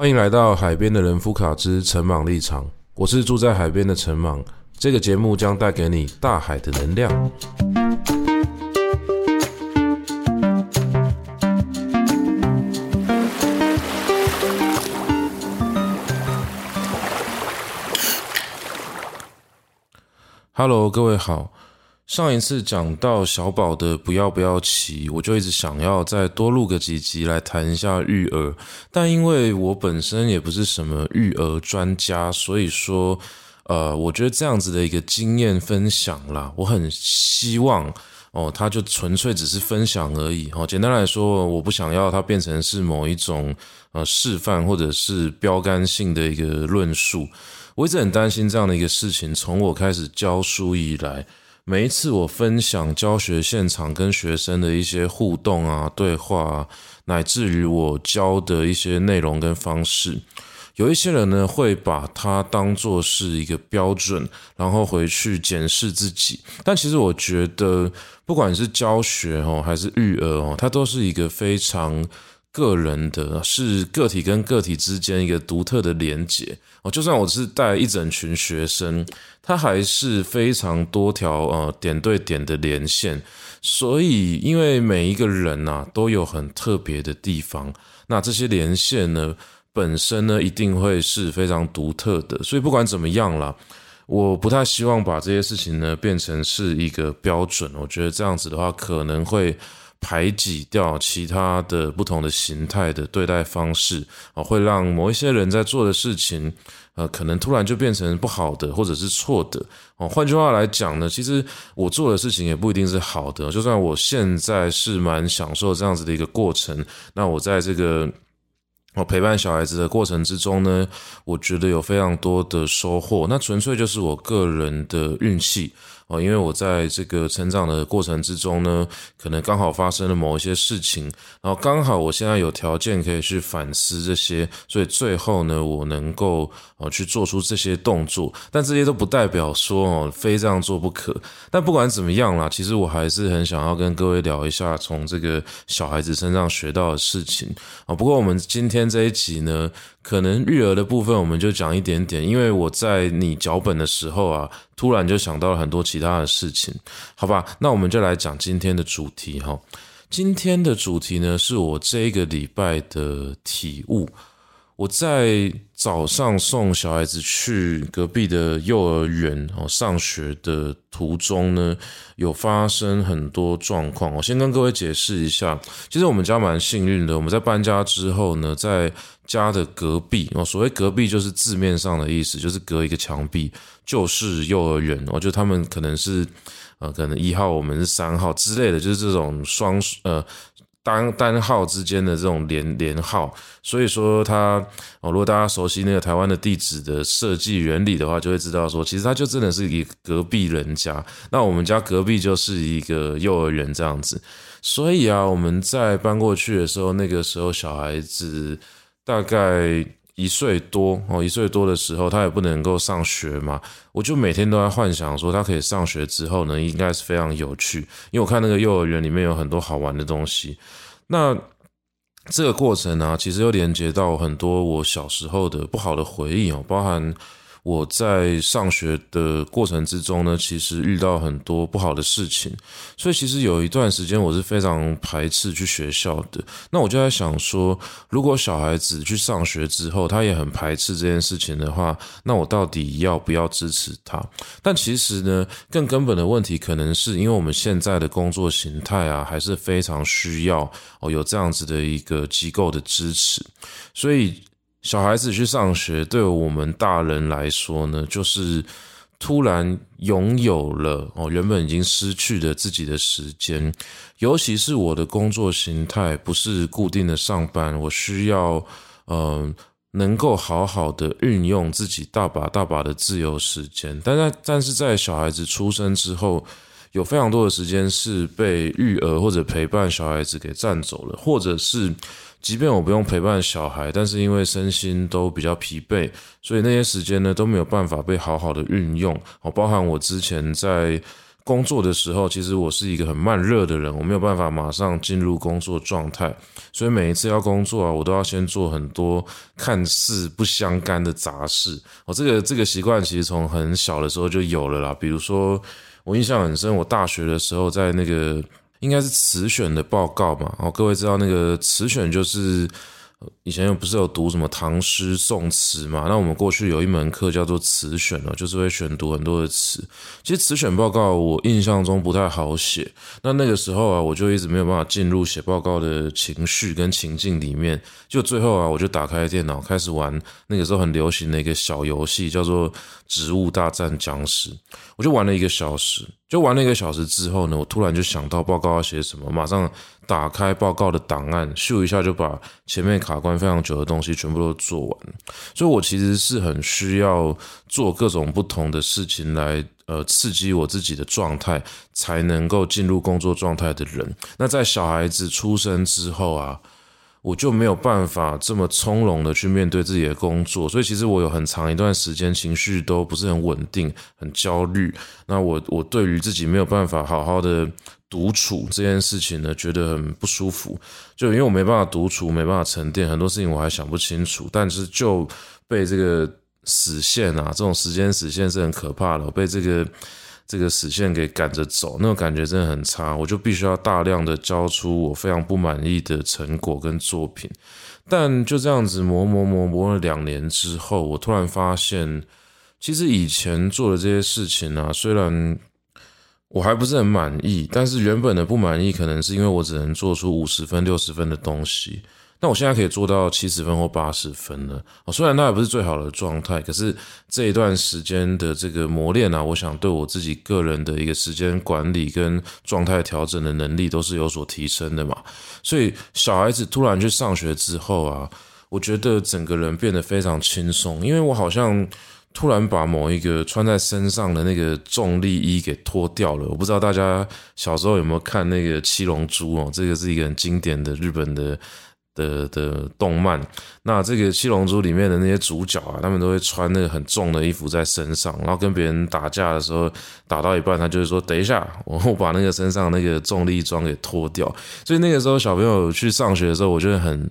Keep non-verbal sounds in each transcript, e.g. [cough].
歡迎來到海邊的人夫卡之陳茻立場，我是住在海邊的陳茻。這個節目將帶給你大海的能量。Hello，各位好。上一次講到小寶的不要不要期，我就一直想要再多錄個幾集來談一下育兒，但因為我本身也不是什麼育兒專家，所以說，呃，我覺得這樣子的一個經驗分享啦，我很希望哦，它就純粹只是分享而已哦。簡單來說，我不想要它變成是某一種呃示範或者是標杆性的一個論述。我一直很擔心這樣的一個事情，從我開始教書以來。每一次我分享教學現場跟學生的一些互動啊、對話啊，乃至於我教的一些內容跟方式，有一些人呢會把它當做是一個標準，然後回去檢視自己。但其實我覺得，不管是教學哦，還是育兒哦，它都是一個非常，個人的，是個體跟個體之間一個獨特的連接。就算我是帶一整群學生，他還是非常多條呃點對點的連線。所以，因為每一個人吶、啊、都有很特別的地方，那這些連線呢本身呢一定會是非常獨特的。所以不管怎麼樣啦，我不太希望把這些事情呢變成是一個標準。我覺得這樣子的話可能會。排擠掉其他的不同的形態的對待方式，會讓某一些人在做的事情，呃，可能突然就變成不好的，或者是錯的。換句話來講呢，其實我做的事情也不一定是好的。就算我現在是蠻享受這樣子的一個過程，那我在這個陪伴小孩子的過程之中呢，我覺得有非常多的收穫。那純粹就是我個人的運氣。哦，因為我在這個成長的過程之中呢，可能剛好發生了某一些事情，然後剛好我現在有條件可以去反思這些，所以最後呢，我能夠去做出這些動作，但這些都不代表說哦非這樣做不可。但不管怎麼樣啦，其實我還是很想要跟各位聊一下從這個小孩子身上學到的事情啊。不過我們今天這一集呢。可能育兒的部分我們就講一點點，因為我在擬腳本的時候啊，突然就想到了很多其他的事情，好吧？那我們就來講今天的主題哈。今天的主題呢，是我這個禮拜的體悟。我在早上送小孩子去隔壁的幼兒園哦上學的途中呢，有發生很多狀況，我先跟各位解釋一下，其實我們家蠻幸運的，我們在搬家之後呢，在家的隔壁，所謂隔壁就是字面上的意思，就是隔一個牆壁，就是幼兒園。哦，就他們可能是呃，可能一號，我們是三號之類的，就是這種雙呃單單號之間的這種連連號。所以說，他哦，如果大家熟悉那個台灣的地址的設計原理的話，就會知道說，其實他就真的是一個隔壁人家。那我們家隔壁就是一個幼兒園這樣子。所以啊，我們在搬過去的時候，那個時候小孩子大概一歲多哦，一歲多的時候，他也不能夠上學嘛，我就每天都在幻想說他可以上學之後呢，應該是非常有趣，因為我看那個幼兒園裡面有很多好玩的東西。那這個過程呢、啊，其實又連接到很多我小時候的不好的回憶哦，包含。我在上學的過程之中呢，其實遇到很多不好的事情，所以其實有一段時間我是非常排斥去學校的。那我就在想說，如果小孩子去上學之後，他也很排斥這件事情的話，那我到底要不要支持他？但其實呢，更根本的問題可能是因為我們現在的工作形態啊，還是非常需要，哦，有這樣子的一個機構的支持。所以，小孩子去上學，對我們大人來說呢，就是突然擁有了哦，原本已經失去的自己的時間。尤其是我的工作形態，不是固定的上班，我需要，呃，能夠好好的運用自己大把大把的自由時間。但但是，在小孩子出生之後，有非常多的時間是被育兒或者陪伴小孩子給占走了，或者是。即便我不用陪伴小孩，但是因為身心都比較疲憊，所以那些時間呢都沒有辦法被好好的運用。哦，包含我之前在工作的時候，其實我是一個很慢熱的人，我沒有辦法馬上進入工作狀態，所以每一次要工作啊，我都要先做很多看似不相干的雜事。哦，這個這個習慣其實從很小的時候就有了啦，比如說我印象很深，我大學的時候在那個。應該是詞選的報告嘛？哦，各位知道那個詞選就是。以前又不是有讀什麼唐詩宋詞嘛？那我們過去有一門課叫做詞選哦，就是會選讀很多的詞。其實詞選報告我印象中不太好寫。那那個時候啊，我就一直沒有辦法進入寫報告的情緒跟情境裡面。就最後啊，我就打開電腦，開始玩那個時候很流行的一個小遊戲，叫做《植物大戰殭屍》。我就玩了一個小時，就玩了一個小時之後呢，我突然就想到報告要寫什麼，馬上。打開報告的檔案，咻一下就把前面卡關非常久的東西全部都做完，所以我其實是很需要做各種不同的事情來，呃，刺激我自己的狀態，才能夠進入工作狀態的人。那在小孩子出生之後啊，我就沒有辦法這麼從容的去面對自己的工作，所以其實我有很長一段時間情緒都不是很穩定，很焦慮。那我我對於自己沒有辦法好好的。獨處這件事情呢，覺得很不舒服。就因為我沒辦法獨處，沒辦法沉澱，很多事情我還想不清楚。但是就被這個死線啊，這種時間死線是很可怕的。我被這個這個死線給趕着走，那種感覺真的很差。我就必須要大量的交出我非常不滿意的成果跟作品。但就這樣子磨磨磨磨了兩年之後，我突然發現，其實以前做的這些事情啊，雖然。我還不是很滿意，但是原本的不滿意可能是因為我只能做出五十分、六十分的東西，那我現在可以做到七十分或八十分了。哦，雖然那也不是最好的狀態，可是這一段時間的這個磨練啊，我想對我自己個人的一個時間管理跟狀態調整的能力都是有所提升的嘛。所以小孩子突然去上學之後啊，我覺得整個人變得非常輕鬆，因為我好像。突然把某一個穿在身上的那個重力衣給脫掉了。我不知道大家小時候有沒有看那個《七龍珠》哦，這個是一個很經典的日本的的的動漫。那這個《七龍珠》裡面的那些主角啊，他們都會穿那個很重的衣服在身上，然後跟別人打架的時候，打到一半他就會說：“等一下，我把那個身上那個重力裝給脫掉。”所以那個時候小朋友去上學的時候，我覺得很。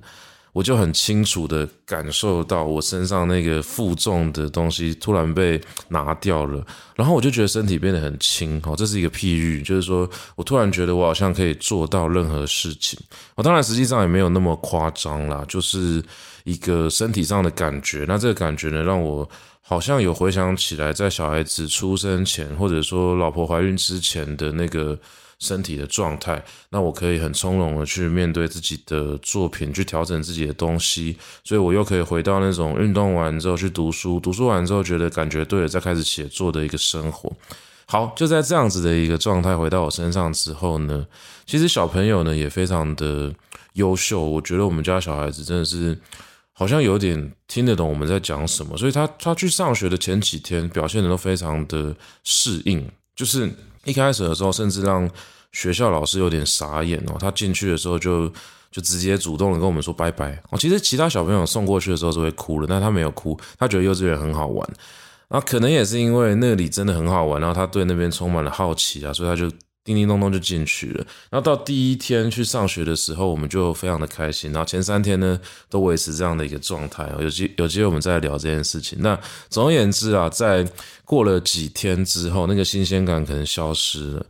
我就很清楚地感受到，我身上那個負重的東西突然被拿掉了，然後我就覺得身體變得很輕。好，這是一個譬喻，就是說我突然覺得我好像可以做到任何事情。當然實際上也沒有那麼誇張啦，就是一個身體上的感覺。那這個感覺呢，讓我好像有回想起來，在小孩子出生前，或者說老婆懷孕之前的那個。身體的狀態，那我可以很從容的去面對自己的作品，去調整自己的東西，所以我又可以回到那種運動完之後去讀書，讀書完之後覺得感覺對了，再開始寫作的一個生活。好，就在這樣子的一個狀態回到我身上之後呢，其實小朋友呢也非常的優秀，我覺得我們家小孩子真的是好像有點聽得懂我們在講什麼，所以他他去上學的前幾天表現得都非常的適應，就是。一開始的時候，甚至讓學校老師有點傻眼哦。他進去的時候就就直接主動的跟我們說拜拜哦。其實其他小朋友送過去的時候是會哭了，但他沒有哭，他覺得幼稚園很好玩。然後可能也是因為那裡真的很好玩，然後他對那邊充滿了好奇啊，所以他就。叮叮咚咚就進去了，然後到第一天去上學的時候，我們就非常的開心。然後前三天呢，都維持這樣的一個狀態。有機有機會我們再聊這件事情。那總而言之啊，在過了幾天之後，那個新鮮感可能消失了，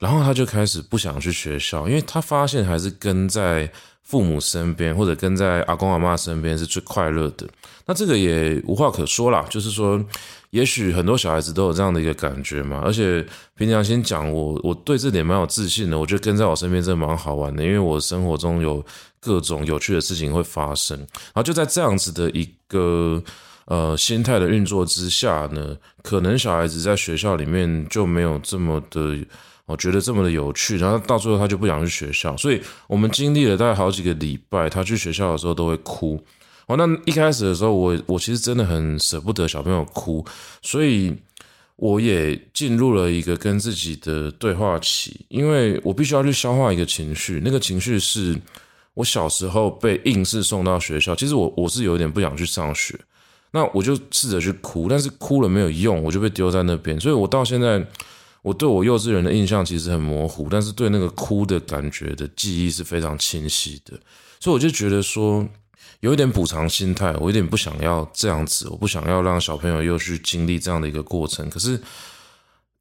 然後他就開始不想去學校，因為他發現還是跟在。父母身邊或者跟在阿公阿媽身邊是最快樂的，那這個也無話可說啦，就是說，也許很多小孩子都有這樣的一個感覺嘛。而且平常先講我，我對這點蠻有自信的。我覺得跟在我身邊真的蠻好玩的，因為我生活中有各種有趣的事情會發生。然後就在這樣子的一個呃心態的運作之下呢，可能小孩子在學校裡面就沒有這麼的。我覺得這麼的有趣，然後到最後他就不想去學校，所以我們經歷了大概好幾個禮拜，他去學校的時候都會哭。哦，那一開始的時候我，我我其實真的很捨不得小朋友哭，所以我也進入了一個跟自己的對話期，因為我必須要去消化一個情緒，那個情緒是我小時候被硬是送到學校，其實我我是有點不想去上學，那我就試着去哭，但是哭了沒有用，我就被丟在那邊，所以我到現在。我對我幼稚園的印象其實很模糊，但是對那個哭的感覺的記憶是非常清晰的，所以我就覺得說，有一點補償心態，我有點不想要這樣子，我不想要讓小朋友又去經歷這樣的一個過程。可是，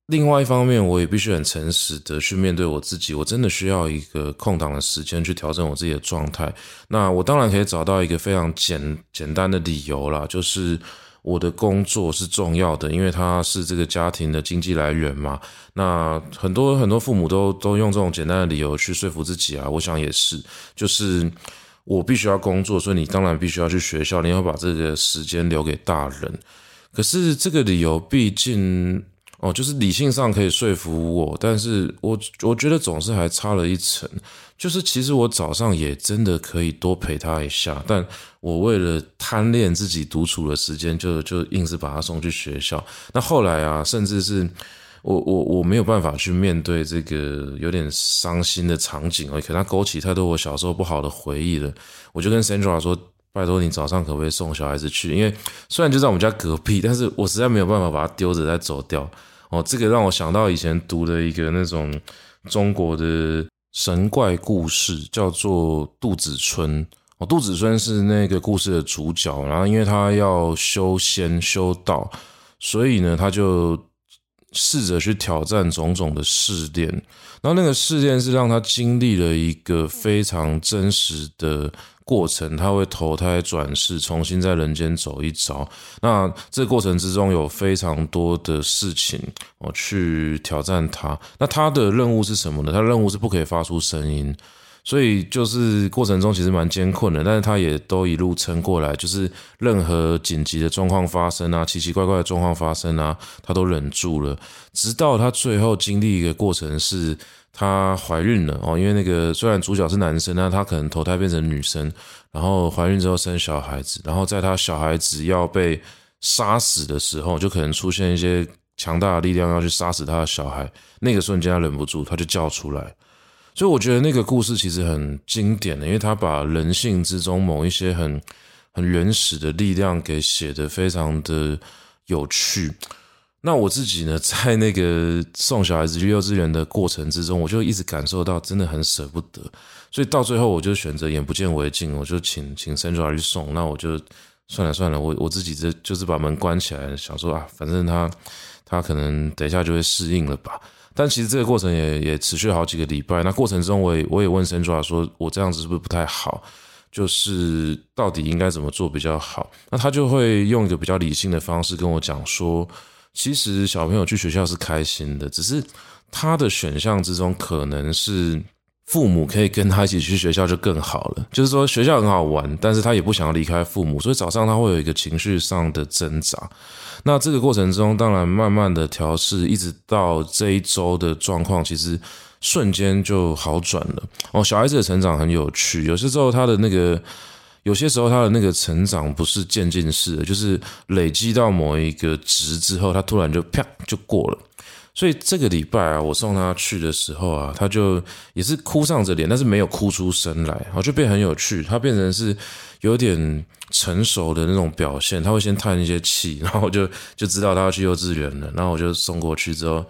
另外一方面，我也必須很誠實的去面對我自己，我真的需要一個空檔的時間去調整我自己的狀態。那我當然可以找到一個非常簡簡單的理由啦，就是。我的工作是重要的，因為他是這個家庭的經濟來源嘛。那很多很多父母都都用這種簡單的理由去說服自己啊。我想也是，就是我必須要工作，所以你當然必須要去學校，你要把這個時間留給大人。可是這個理由畢竟。哦，就是理性上可以說服我，但是我我覺得總是還差了一層。就是其實我早上也真的可以多陪他一下，但我為了貪戀自己獨處的時間就，就就硬是把他送去學校。那後來啊，甚至是我我我沒有辦法去面對這個有點傷心的場景，而可能他勾起太多我小時候不好的回憶了。我就跟 Sandra 說。拜託你早上可不可以送小孩子去？因為雖然就在我們家隔壁，但是我實在沒有辦法把他丟着再走掉。哦，這個讓我想到以前讀了一個那種中國的神怪故事，叫做《杜子春》。哦，杜子春是那個故事的主角，然後因為他要修仙修道，所以呢，他就試着去挑戰種種的試煉。然後那個試煉是讓他經歷了一個非常真實的。過程，他會投胎轉世，重新在人間走一遭。那這個過程之中有非常多的事情，我去挑戰他。那他的任務是什麼呢？他的任務是不可以發出聲音，所以就是過程中其實蠻艱困的，但是他也都一路撐過來。就是任何緊急的狀況發生啊，奇奇怪怪的狀況發生啊，他都忍住了。直到他最後經歷一個過程是。她懷孕了哦，因為那個雖然主角是男生，但她可能投胎變成女生，然後懷孕之後生小孩子，然後在她小孩子要被殺死的時候，就可能出現一些強大的力量要去殺死她的小孩。那個瞬間，她忍不住，她就叫出來。所以我覺得那個故事其實很經典的，因為他把人性之中某一些很很原始的力量給寫得非常的有趣。那我自己呢，在那個送小孩子去幼稚園的過程之中，我就一直感受到真的很捨不得，所以到最後我就選擇眼不見為淨，我就請請 Sandra 去送。那我就算了算了，我我自己這就是把門關起來，想說啊，反正他他可能等一下就會適應了吧。但其實這個過程也也持續好幾個禮拜。那過程中，我也我也問 Sandra 說，我這樣子是不是不太好？就是到底應該怎麼做比較好？那他就會用一個比較理性的方式跟我講說，其實小朋友去學校是開心的，只是他的選項之中可能是父母可以跟他一起去學校就更好了。就是說，學校很好玩，但是他也不想要離開父母，所以早上他會有一個情緒上的掙扎。那這個過程中，當然慢慢的調適，一直到這一周的狀況，其實瞬間就好轉了。哦，小孩子的成長很有趣，有些時候他的那個。有些時候他的那個成長不是漸進式的，就是累積到某一個值之後，他突然就啪就過了。所以這個禮拜啊，我送他去的時候啊，他就也是哭喪着臉，但是沒有哭出聲來，然後就變很有趣。他變成是有點成熟的那種表現，他會先嘆一些氣，然後就就知道他要去幼稚園了。然後我就送過去之後，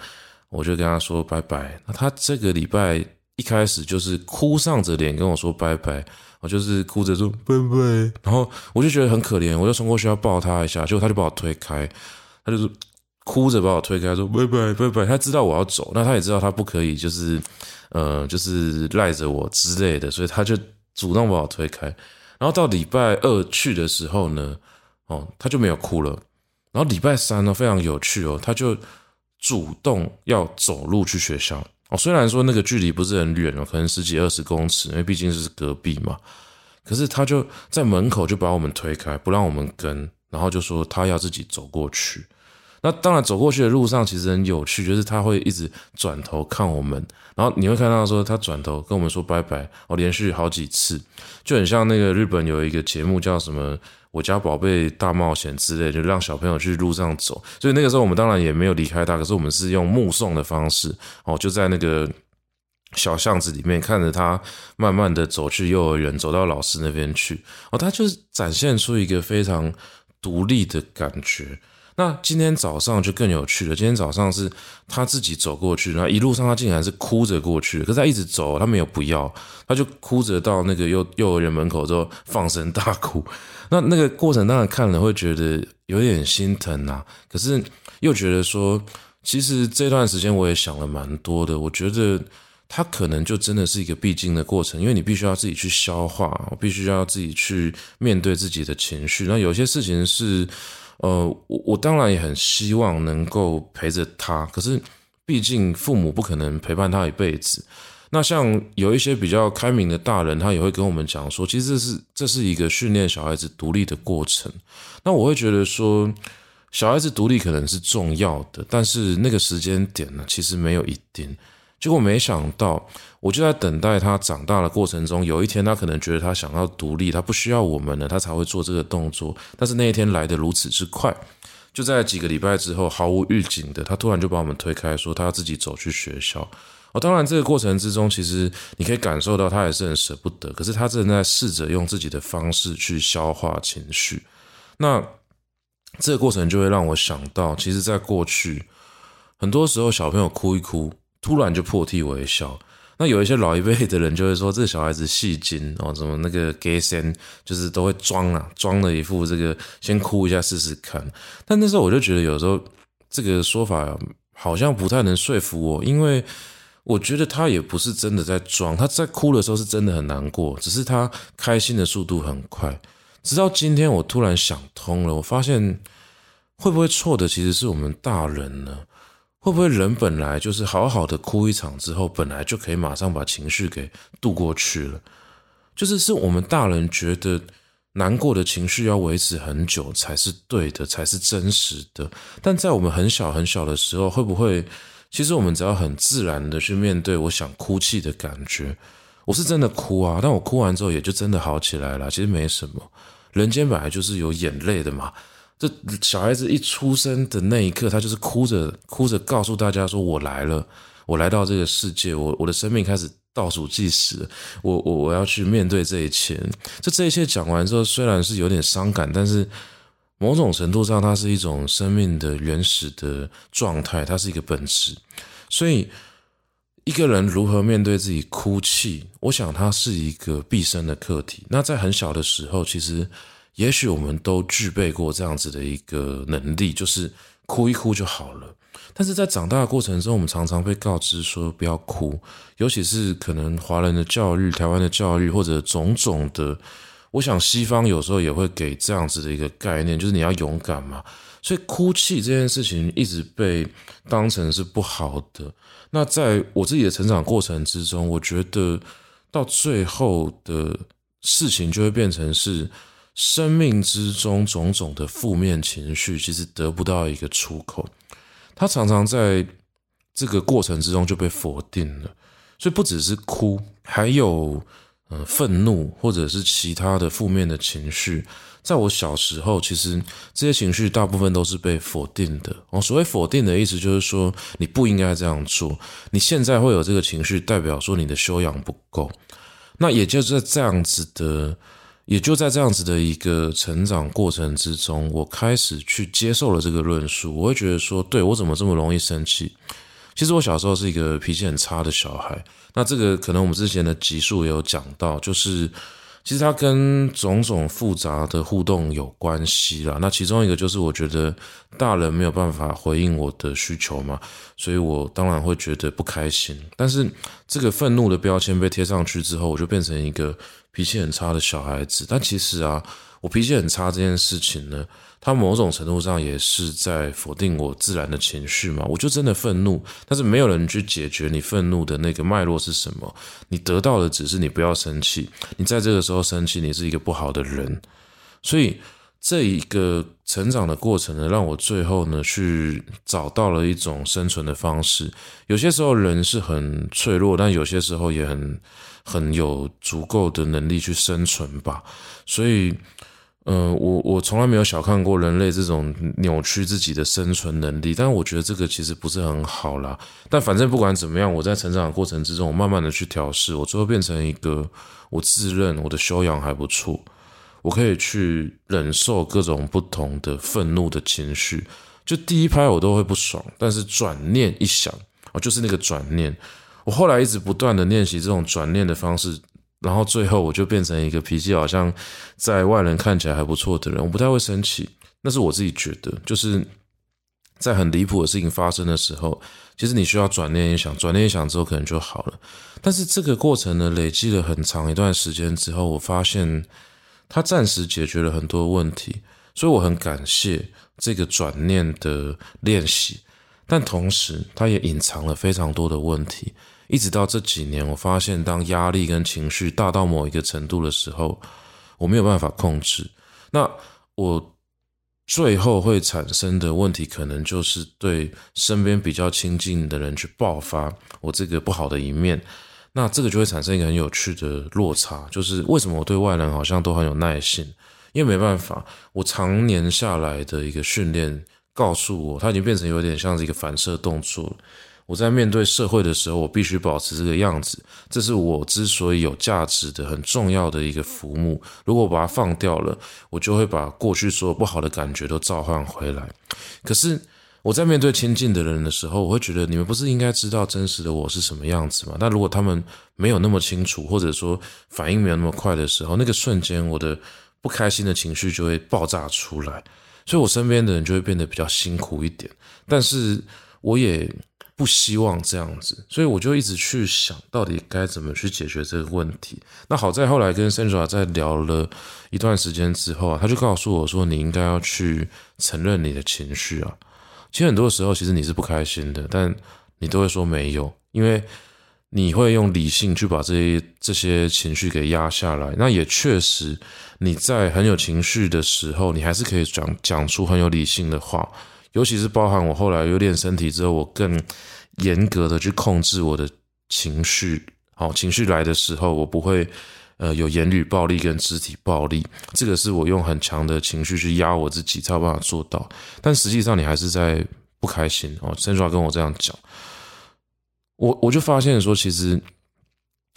我就跟他說拜拜。那他這個禮拜一開始就是哭喪着臉跟我說拜拜。我就是哭着說拜拜，然後我就覺得很可憐，我就衝過去要抱他一下，結果他就把我推開，他就是哭着把我推開說拜拜拜拜，他知道我要走，那他也知道他不可以就是呃就是賴着我之類的，所以他就主動把我推開。然後到禮拜二去的時候呢，哦，他就沒有哭了。然後禮拜三呢，非常有趣哦，他就主動要走路去學校。哦，雖然說那個距離不是很遠哦，可能十幾二十公尺，因為畢竟是隔壁嘛。可是他就在門口就把我們推開，不讓我們跟，然後就說他要自己走過去。那當然走過去的路上其實很有趣，就是他會一直轉頭看我們，然後你會看到說他轉頭跟我們說拜拜，哦，連續好幾次，就很像那個日本有一個節目叫什麼？我家寶貝大冒險之類的，就讓小朋友去路上走。所以那個時候，我們當然也沒有離開他，可是我們是用目送的方式哦，就在那個小巷子裡面看着他慢慢的走去幼兒園，走到老師那邊去。哦，他就是展現出一個非常獨立的感覺。那今天早上就更有趣了。今天早上是他自己走過去，然後一路上他竟然是哭着過去，可是他一直走，他沒有不要，他就哭着到那個幼幼兒園門口之後放聲大哭。那那個過程當然看了會覺得有點心疼啊，可是又覺得說，其實這段時間我也想了蠻多的。我覺得他可能就真的是一個必經的過程，因為你必須要自己去消化，我必須要自己去面對自己的情緒。那有些事情是。呃，我我當然也很希望能夠陪着他，可是畢竟父母不可能陪伴他一輩子。那像有一些比較開明的大人，他也會跟我們講說，其實這是這是一個訓練小孩子獨立的過程。那我會覺得說，小孩子獨立可能是重要的，但是那個時間點呢，其實沒有一定。結果沒想到，我就在等待他長大的過程中，有一天他可能覺得他想要獨立，他不需要我們了，他才會做這個動作。但是那一天來得如此之快，就在幾個禮拜之後，毫無預警的，他突然就把我們推開說，說他要自己走去學校。哦，當然這個過程之中，其實你可以感受到他也是很舍不得，可是他正在試着用自己的方式去消化情緒。那這個過程就會讓我想到，其實在過去很多時候，小朋友哭一哭。突然就破涕為笑，那有一些老一輩的人就會說，這個小孩子戲精哦，什麼，那個假仙就是都會裝啊，裝了一副這個先哭一下試試看。但那時候我就覺得，有時候這個說法好像不太能說服我，因為我覺得他也不是真的在裝。他在哭的時候是真的很難過，只是他開心的速度很快。直到今天，我突然想通了，我發現，會不會錯的其實是我們大人呢？會不會人本來就是好好的哭一場之後，本來就可以馬上把情緒給度過去了？就是是我們大人覺得難過的情緒要維持很久才是對的，才是真實的。但在我們很小很小的時候，會不會其實我們只要很自然的去面對我想哭泣的感覺，我是真的哭啊，但我哭完之後也就真的好起來了。其實沒什麼，人間本來就是有眼淚的嘛。這小孩子一出生的那一刻，他就是哭着哭着告訴大家說：“我來了，我來到這個世界，我我的生命開始倒數計時了，我我我要去面對這一切。”這這一切講完之後，雖然是有點傷感，但是某種程度上，它是一種生命的原始的狀態，它是一個本質。所以，一個人如何面對自己哭泣，我想它是一個畢生的課題。那在很小的時候，其實。也許我們都具備過這樣子的一個能力，就是哭一哭就好了。但是在長大的過程中，我們常常被告知說不要哭，尤其是可能華人的教育、台灣的教育或者種種的，我想西方有時候也會給這樣子的一個概念，就是你要勇敢嘛。所以哭泣這件事情一直被當成是不好的。那在我自己的成長過程之中，我覺得到最後的事情就會變成是。生命之中種種的負面情緒，其實得不到一個出口，他常常在這個過程之中就被否定了。所以不只是哭，還有嗯憤怒或者是其他的負面的情緒。在我小時候，其實這些情緒大部分都是被否定的。所謂否定的意思就是說你不應該這樣做，你現在會有這個情緒，代表說你的修養不夠。那也就是在這樣子的。也就在這樣子的一個成長過程之中，我開始去接受了這個論述。我會覺得說，對，我怎麼這麼容易生氣？其實我小時候是一個脾氣很差的小孩。那這個可能我們之前的集數也有講到，就是其實它跟種種複雜的互動有關係啦。那其中一個就是我覺得大人沒有辦法回應我的需求嘛，所以我當然會覺得不開心。但是這個憤怒的標籤被貼上去之後，我就變成一個。脾氣很差的小孩子，但其實啊，我脾氣很差這件事情呢，它某種程度上也是在否定我自然的情緒嘛。我就真的憤怒，但是沒有人去解決你憤怒的那個脈絡是什麼，你得到的只是你不要生氣，你在這個時候生氣，你是一個不好的人，所以。這一個成長的過程呢，讓我最後呢去找到了一種生存的方式，有些時候人是很脆弱，但有些時候也很很有足夠的能力去生存吧。所以，呃，我我從來沒有小看過人類這種扭曲自己的生存能力，但我覺得這個其實不是很好啦。但反正不管怎麼樣，我在成長的過程之中，我慢慢的去調適，我最後變成一個，我自認我的修養還不錯。我可以去忍受各種不同的憤怒的情緒，就第一拍，我都會不爽，但是轉念一想，哦，就是那個轉念。我後來一直不斷地練習這種轉念的方式，然後最後我就變成一個脾氣好像在外人看起來還不錯的人。我不太會生氣，那是我自己覺得，就是在很離譜的事情發生的時候，其實你需要轉念一想，轉念一想之後可能就好了。但是這個過程呢，累積了很長一段時間之後，我發現。他暫時解決了很多問題，所以我很感謝這個轉念的練習。但同時，他也隱藏了非常多的問題。一直到這幾年，我發現，當壓力跟情緒大到某一個程度的時候，我沒有辦法控制。那我最後會產生的問題，可能就是對身邊比較親近的人去爆發我這個不好的一面。那這個就會產生一個很有趣的落差，就是為什麼我對外人好像都很有耐性？因為沒辦法，我常年下來的一個訓練告訴我，它已經變成有點像是一個反射動作了。我在面對社會的時候，我必須保持這個樣子，這是我之所以有價值的、很重要的一個服務。如果我把它放掉了，我就會把過去所有不好的感覺都召喚回來。可是。我在面對親近的人的時候，我會覺得你們不是應該知道真實的我是什麼樣子嗎？但如果他們沒有那麼清楚，或者說反應沒有那麼快的時候，那個瞬間我的不開心的情緒就會爆炸出來，所以我身邊的人就會變得比較辛苦一點。但是我也不希望這樣子，所以我就一直去想到底該怎麼去解決這個問題。那好在後來跟 Sandra 在聊了一段時間之後，他就告訴我說：“你應該要去承認你的情緒啊。”其實很多時候，其實你是不開心的，但你都會說沒有，因為你會用理性去把這些這些情緒給壓下來。那也確實，你在很有情緒的時候，你還是可以講講出很有理性的話。尤其是包含我後來又練身體之後，我更嚴格的去控制我的情緒。好，情緒來的時候，我不會。呃，有言語暴力跟肢體暴力，這個是我用很強的情緒去壓我自己才有辦法做到。但實際上你還是在不開心哦。甚至還跟我這樣講，我我就發現說，其實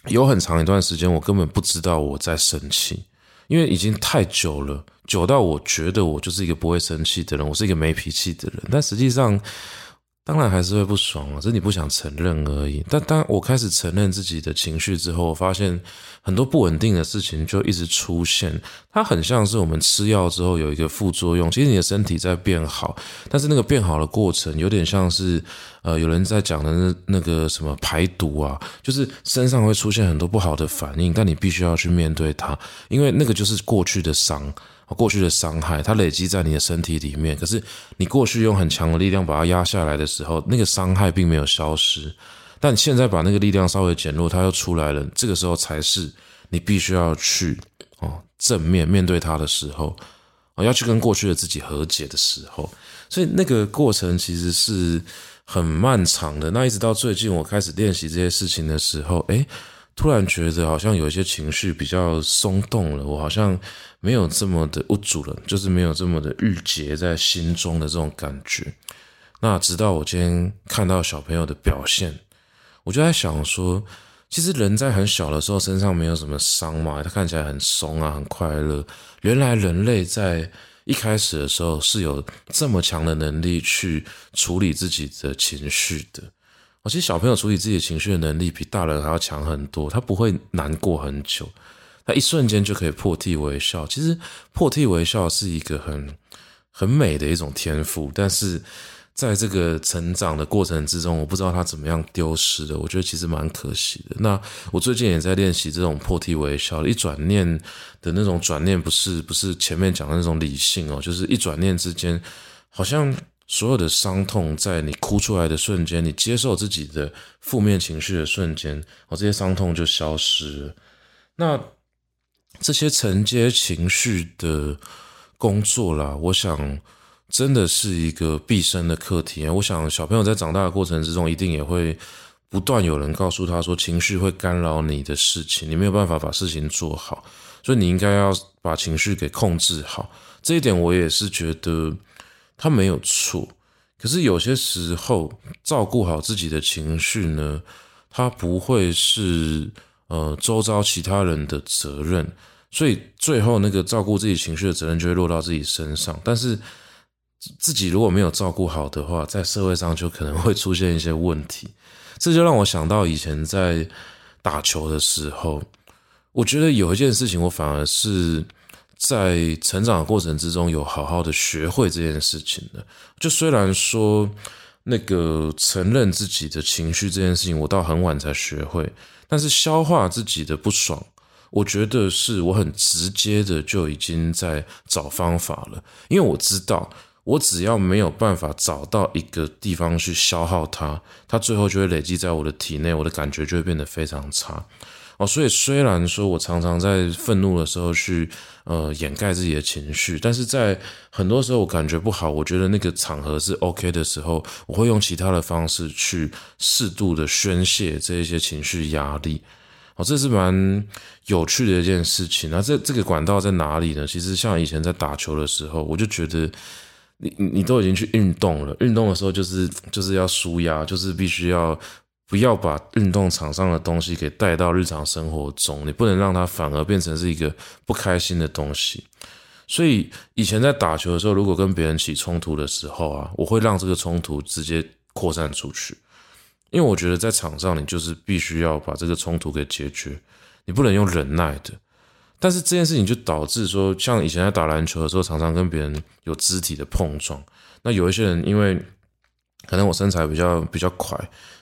有很長一段時間我根本不知道我在生氣，因為已經太久了，久到我覺得我就是一個不會生氣的人，我是一個沒脾氣的人。但實際上。當然還是會不爽啊，只是你不想承認而已。但當我開始承認自己的情緒之後，我發現很多不穩定的事情就一直出現。它很像是我們吃藥之後有一個副作用，其實你的身體在變好，但是那個變好的過程有點像是，呃，有人在講的那那個什麼排毒啊，就是身上會出現很多不好的反應，但你必須要去面對它，因為那個就是過去的傷。過去的傷害，它累積在你的身體裡面。可是你過去用很強的力量把它壓下來的時候，那個傷害並沒有消失。但你現在把那個力量稍微減弱，它又出來了。這個時候才是你必須要去哦正面面對它的時候，哦要去跟過去的自己和解的時候。所以那個過程其實是很漫長的。那一直到最近我開始練習這些事情的時候，誒。突然覺得好像有一些情緒比較鬆動了，我好像沒有這麼的無助了，就是沒有這麼的鬱結在心中的這種感覺。那直到我今天看到小朋友的表現，我就在想說，其實人在很小的時候身上沒有什麼傷嘛，他看起來很鬆啊，很快樂。原來人類在一開始的時候是有這麼強的能力去處理自己的情緒的。我其實小朋友處理自己的情緒的能力比大人還要強很多，他不會難過很久，他一瞬間就可以破涕為笑。其實破涕為笑是一個很很美的一種天賦，但是在這個成長的過程之中，我不知道他怎麼樣丟失的，我覺得其實蠻可惜的。那我最近也在練習這種破涕為笑，一轉念的那種轉念，不是不是前面講的那種理性哦，就是一轉念之間好像。所有的傷痛，在你哭出來的瞬間，你接受自己的負面情緒的瞬間，哦，這些傷痛就消失了。那這些承接情緒的工作啦，我想真的是一個畢生的課題。我想小朋友在長大的過程之中，一定也會不斷有人告訴他說，情緒會干擾你的事情，你沒有辦法把事情做好，所以你應該要把情緒給控制好。這一點我也是覺得。他沒有錯，可是有些時候照顧好自己的情緒呢，他不會是呃周遭，其他人的責任，所以最後那個照顧自己情緒的責任就會落到自己身上。但是自己如果沒有照顧好的話，在社會上就可能會出現一些問題。這就讓我想到以前在打球的時候，我覺得有一件事情，我反而是。在成長的過程之中，有好好的學會這件事情的。就雖然說那個承認自己的情緒這件事情，我到很晚才學會，但是消化自己的不爽，我覺得是我很直接的就已經在找方法了。因為我知道，我只要沒有辦法找到一個地方去消耗它，它最後就會累積在我的體內，我的感覺就會變得非常差。哦，所以雖然說我常常在憤怒的時候去，呃，掩蓋自己的情緒，但是在很多時候我感覺不好，我覺得那個場合是 OK 的時候，我會用其他的方式去適度的宣洩這一些情緒壓力。哦，這是蠻有趣的一件事情。那、啊、這這個管道在哪裡呢？其實像以前在打球的時候，我就覺得你你你都已經去運動了，運動的時候就是就是要舒壓，就是必須要。不要把運動場上的東西給帶到日常生活中，你不能讓它反而變成是一個不開心的東西。所以以前在打球的時候，如果跟別人起衝突的時候啊，我會讓這個衝突直接擴散出去，因為我覺得在場上你就是必須要把這個衝突給解決，你不能用忍耐的。但是這件事情就導致說，像以前在打籃球的時候，常常跟別人有肢體的碰撞。那有一些人因為可能我身材比較比較快。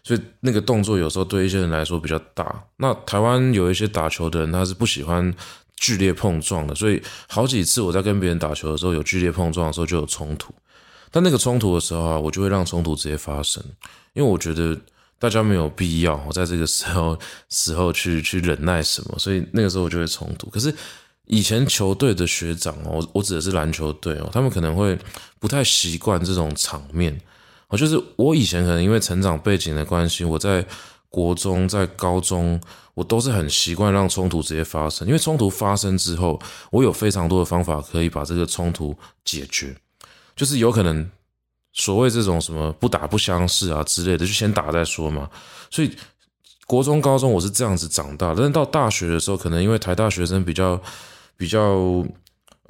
所以那個動作有時候對一些人來說比較大。那台灣有一些打球的人，他是不喜歡劇烈碰撞的。所以好幾次我在跟別人打球的時候，有劇烈碰撞的時候就有衝突。但那個衝突的時候啊，我就會讓衝突直接發生，因為我覺得大家沒有必要在這個時候時候去去忍耐什麼。所以那個時候我就會衝突。可是以前球隊的學長哦，我我指的是籃球隊哦，他們可能會不太習慣這種場面。我就是我以前可能因為成長背景的關係，我在國中、在高中，我都是很習慣讓衝突直接發生，因為衝突發生之後，我有非常多的方法可以把這個衝突解決，就是有可能所謂這種什麼不打不相識啊之類的，就先打再說嘛。所以國中、高中我是這樣子長大，但是到大學的時候，可能因為台大學生比較比較。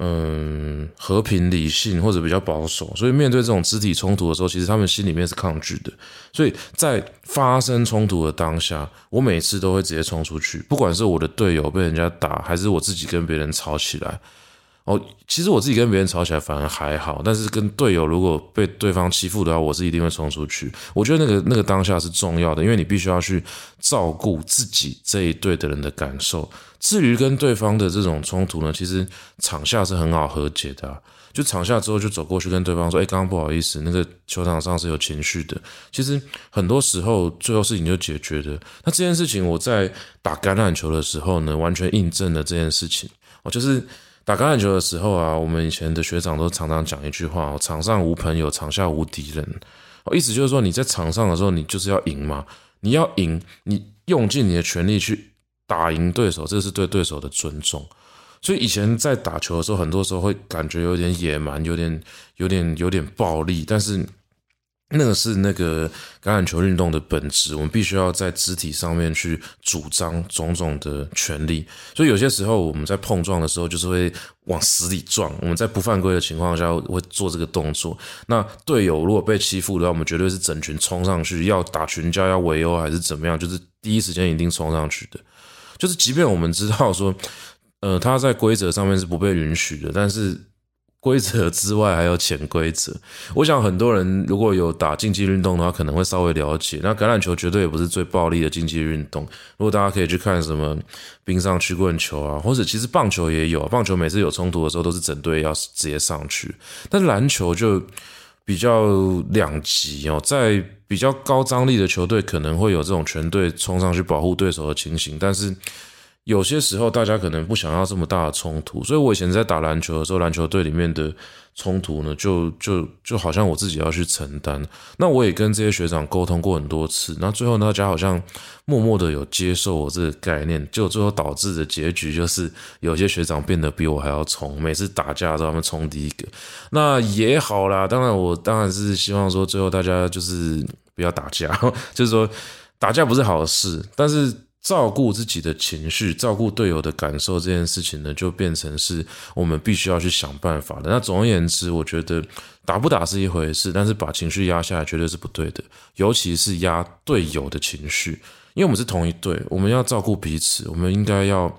嗯，和平、理性或者比較保守，所以面對這種肢體衝突的時候，其實他們心裡面是抗拒的。所以在發生衝突的當下，我每次都會直接衝出去，不管是我的隊友被人家打，還是我自己跟別人吵起來。哦，其實我自己跟別人吵起來反而還好，但是跟隊友如果被對方欺負的話，我是一定會衝出去。我覺得那個那個當下是重要的，因為你必須要去照顧自己這一隊的人的感受。至於跟對方的這種衝突呢，其實場下是很好和解的啊。就場下之後就走過去跟對方說：“誒，剛剛不好意思，那個球場上是有情緒的。”其實很多時候最後事情就解決的。那這件事情我在打橄欖球的時候呢，完全印證了這件事情。哦，就是。打橄欖球的時候啊，我們以前的學長都常常講一句話，場上無朋友，場下無敵人。意思就是說，你在場上的時候，你就是要贏嘛，你要贏，你用盡你的全力去打贏對手，這是對對手的尊重。所以以前在打球的時候，很多時候會感覺有點野蠻，有點、有點、有點、有點暴力，但是。那個是那個橄欖球運動的本質，我們必須要在肢體上面去主張種種的權利。所以有些時候我們在碰撞的時候，就是會往死裡撞。我們在不犯規的情況下會做這個動作。那隊友如果被欺負的話，我們絕對是整群衝上去，要打群架，要圍毆還是怎麼樣？就是第一時間一定衝上去的。就是即便我們知道說，呃，他在規則上面是不被允許的，但是。規則之外還有潛規則。我想很多人如果有打競技運動的話，可能會稍微了解。那橄欖球絕對也不是最暴力的競技運動。如果大家可以去看什麼冰上曲棍球啊，或者其實棒球也有。棒球每次有衝突的時候，都是整隊要直接上去。但籃球就比較兩極哦，在比較高張力的球隊，可能會有這種全隊衝上去保護對手的情形，但是。有些時候，大家可能不想要這麼大的衝突，所以我以前在打籃球的時候，籃球隊裡面的衝突呢，就就就好像我自己要去承擔。那我也跟這些學長溝通過很多次，那最後呢，大家好像默默的有接受我這個概念，就最後導致的結局就是，有些學長變得比我還要衝，每次打架的時候他們衝第一個，那也好啦，當然，我當然是希望說，最後大家就是不要打架， [laughs] 就是說打架不是好事，但是。照顧自己的情緒，照顧隊友的感受這件事情呢，就變成是我們必須要去想辦法的。那總而言之，我覺得打不打是一回事，但是把情緒壓下來絕對是不對的，尤其是壓隊友的情緒，因為我們是同一隊，我們要照顧彼此，我們應該要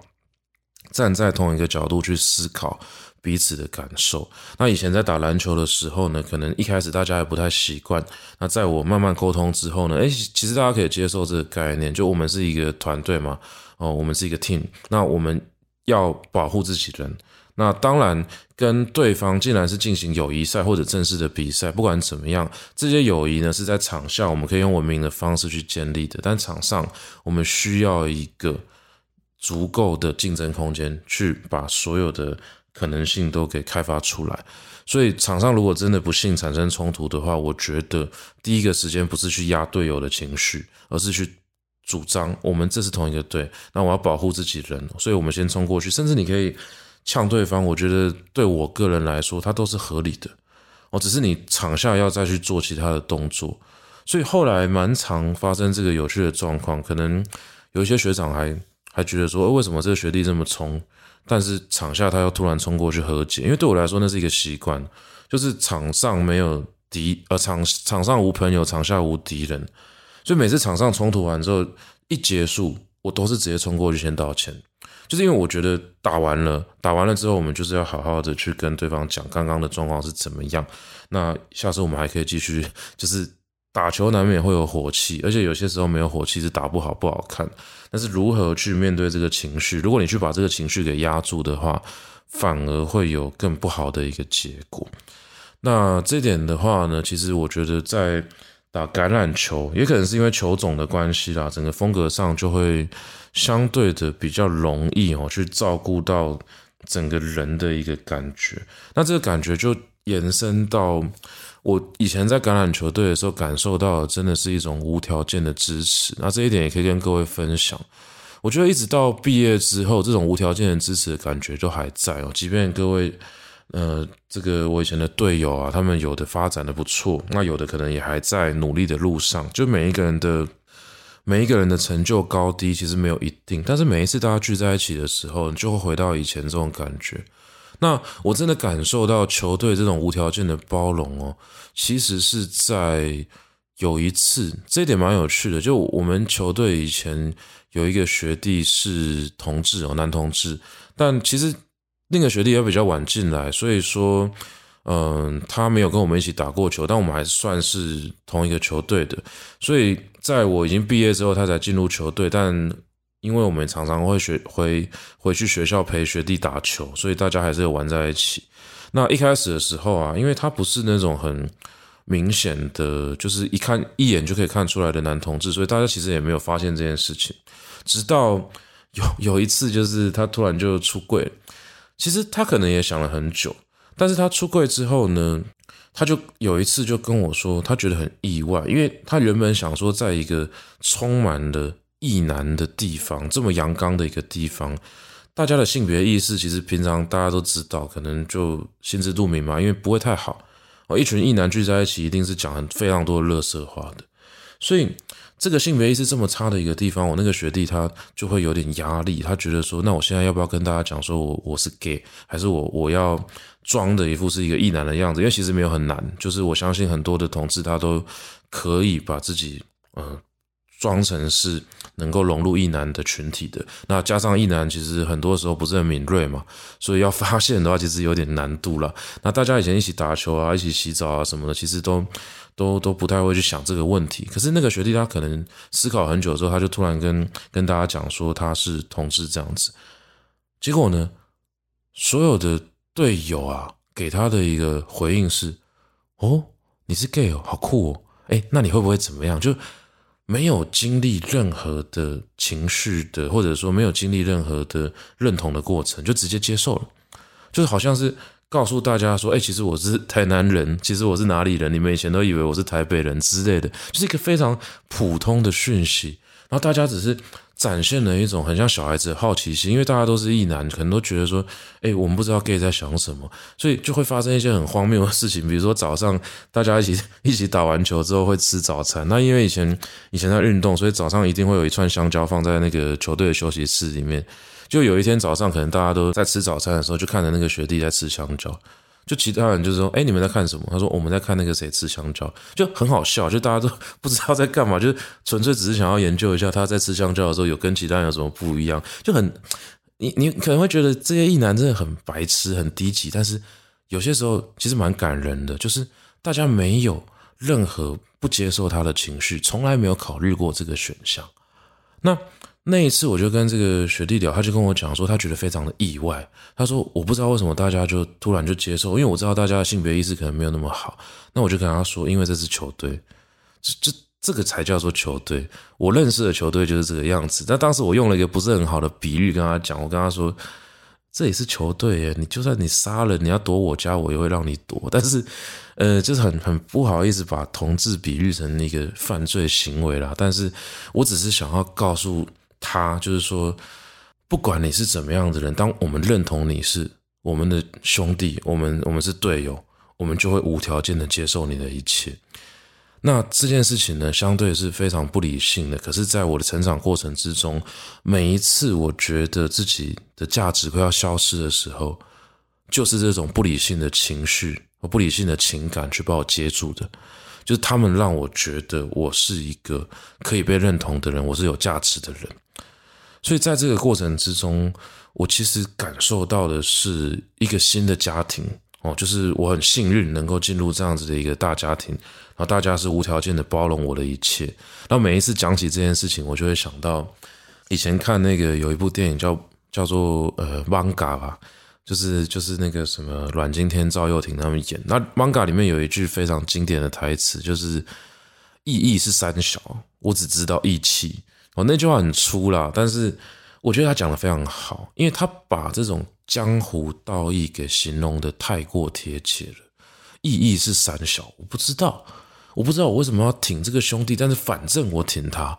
站在同一個角度去思考。彼此的感受。那以前在打籃球的時候呢，可能一開始大家也不太習慣。那在我慢慢溝通之後呢，誒，其實大家可以接受這個概念，就我們是一個團隊嘛，哦，我們是一個 team。那我們要保護自己人。那當然，跟對方既然是進行友誼賽或者正式的比賽，不管怎麼樣，這些友誼呢是在場下我們可以用文明的方式去建立的。但場上我們需要一個足夠的競爭空間，去把所有的。可能性都給開發出來，所以場上如果真的不幸產生衝突的話，我覺得第一個時間不是去壓隊友的情緒，而是去主張我們這是同一個隊，那我要保護自己人，所以我們先衝過去，甚至你可以嗆對方。我覺得對我個人來說，它都是合理的。我只是你場下要再去做其他的動作，所以後來蠻常發生這個有趣的狀況，可能有一些學長還還覺得說，為什麼這個學弟這麼衝？但是場下他又突然衝過去和解，因為對我來說那是一個習慣，就是場上沒有敵，呃場，場上無朋友，場下無敵人，所以每次場上衝突完之後一結束，我都是直接衝過去先道歉，就是因為我覺得打完了，打完了之後我們就是要好好的去跟對方講剛剛的狀況是怎麼樣，那下次我們還可以繼續就是。打球難免會有火氣，而且有些時候沒有火氣是打不好、不好看。但是如何去面對這個情緒？如果你去把這個情緒給壓住的話，反而會有更不好的一個結果。那這點的話呢，其實我覺得在打橄欖球，也可能是因為球種的關係啦，整個風格上就會相對的比較容易哦，去照顧到整個人的一個感覺。那這個感覺就延伸到。我以前在橄欖球隊的時候，感受到的真的是一種無條件的支持。那這一點也可以跟各位分享。我覺得一直到畢業之後，這種無條件的支持的感覺都還在哦。即便各位，呃，這個我以前的隊友啊，他們有的發展的不錯，那有的可能也還在努力的路上。就每一個人的每一個人的成就高低，其實沒有一定。但是每一次大家聚在一起的時候，就會回到以前這種感覺。那我真的感受到球隊這種無條件的包容哦，其實是在有一次，這一點蠻有趣的，就我們球隊以前有一個學弟是同志哦，男同志，但其實那個學弟也比較晚進來，所以說，嗯，他沒有跟我們一起打過球，但我們還是算是同一個球隊的，所以在我已經畢業之後，他才進入球隊，但。因為我們常常會學回回去學校陪學弟打球，所以大家還是有玩在一起。那一開始的時候啊，因為他不是那種很明顯的，就是一看一眼就可以看出來的男同志，所以大家其實也沒有發現這件事情。直到有有一次，就是他突然就出櫃了。其實他可能也想了很久，但是他出櫃之後呢，他就有一次就跟我說，他覺得很意外，因為他原本想說在一個充滿了。異男的地方，這麼陽剛的一個地方，大家的性別意識其實平常大家都知道，可能就心知肚明嘛，因為不會太好哦。一群異男聚在一起，一定是講很非常多的垃圾話的。所以這個性別意識這麼差的一個地方，我那個學弟他就會有點壓力，他覺得說，那我現在要不要跟大家講說我我是 gay，還是我我要裝的一副是一個異男的樣子？因為其實沒有很難，就是我相信很多的同志他都可以把自己呃裝成是。能夠融入異男的群體的，那加上異男其實很多時候不是很敏銳嘛，所以要發現的話其實有點難度了。那大家以前一起打球啊、一起洗澡啊什麼的，其實都都都不太會去想這個問題。可是那個學弟他可能思考很久之後，他就突然跟跟大家講說他是同志這樣子。結果呢，所有的隊友啊給他的一個回應是：哦，你是 gay 哦，好酷哦，哎、欸，那你會不會怎麼樣？就。沒有經歷任何的情緒的，或者說沒有經歷任何的認同的過程，就直接接受了，就是好像是告訴大家說，哎、欸，其實我是台南人，其實我是哪裡人，你們以前都以為我是台北人之類的，就是一個非常普通的訊息，然後大家只是。展現了一種很像小孩子的好奇心，因為大家都是異男，可能都覺得說，哎，我們不知道 gay 在想什麼，所以就會發生一些很荒謬的事情。比如說早上大家一起一起打完球之後會吃早餐，那因為以前以前在運動，所以早上一定會有一串香蕉放在那個球隊的休息室裡面。就有一天早上，可能大家都在吃早餐的時候，就看着那個學弟在吃香蕉。就其他人就是說：“哎，你們在看什麼？”他說：“我們在看那個誰吃香蕉，就很好笑。就大家都不知道在幹嘛，就是純粹只是想要研究一下他在吃香蕉的時候有跟其他人有什麼不一樣。就很，你你可能會覺得這些異男真的很白痴、很低級，但是有些時候其實蠻感人的。就是大家沒有任何不接受他的情緒，從來沒有考慮過這個選項。那。”那一次，我就跟這個學弟聊，他就跟我講說，他覺得非常的意外。他說，我不知道為什麼大家就突然就接受，因為我知道大家的性別意識可能沒有那麼好。那我就跟他說，因為這是球隊，這這這個才叫做球隊。我認識的球隊就是這個樣子。但當時我用了一個不是很好的比喻跟他講，我跟他說，這也是球隊誒，你就算你殺了，你要躲我家，我也會讓你躲。但是，呃，就是很很不好意思把同志比喻成一個犯罪行為啦。但是我只是想要告訴。他就是說，不管你是怎麼樣的人，當我們認同你是我們的兄弟，我們我們是隊友，我們就會無條件的接受你的一切。那這件事情呢，相對是非常不理性的。可是，在我的成長過程之中，每一次我覺得自己的價值快要消失的時候，就是這種不理性的情緒和不理性的情感去把我接住的，就是他們讓我覺得我是一個可以被認同的人，我是有價值的人。所以在這個過程之中，我其實感受到的是一個新的家庭哦，就是我很幸運能夠進入這樣子的一個大家庭，然後大家是無條件的包容我的一切。那每一次講起這件事情，我就會想到以前看那個有一部電影叫叫做呃《艋舺》吧，就是就是那個什麼阮經天、趙又廷他們演。那《艋舺》裡面有一句非常經典的台詞，就是“意義是三小”，我只知道義氣。哦，那句話很粗啦，但是我覺得他講得非常好，因為他把這種江湖道義給形容得太過貼切了。意義是三小，我不知道，我不知道我為什麼要挺這個兄弟，但是反正我挺他，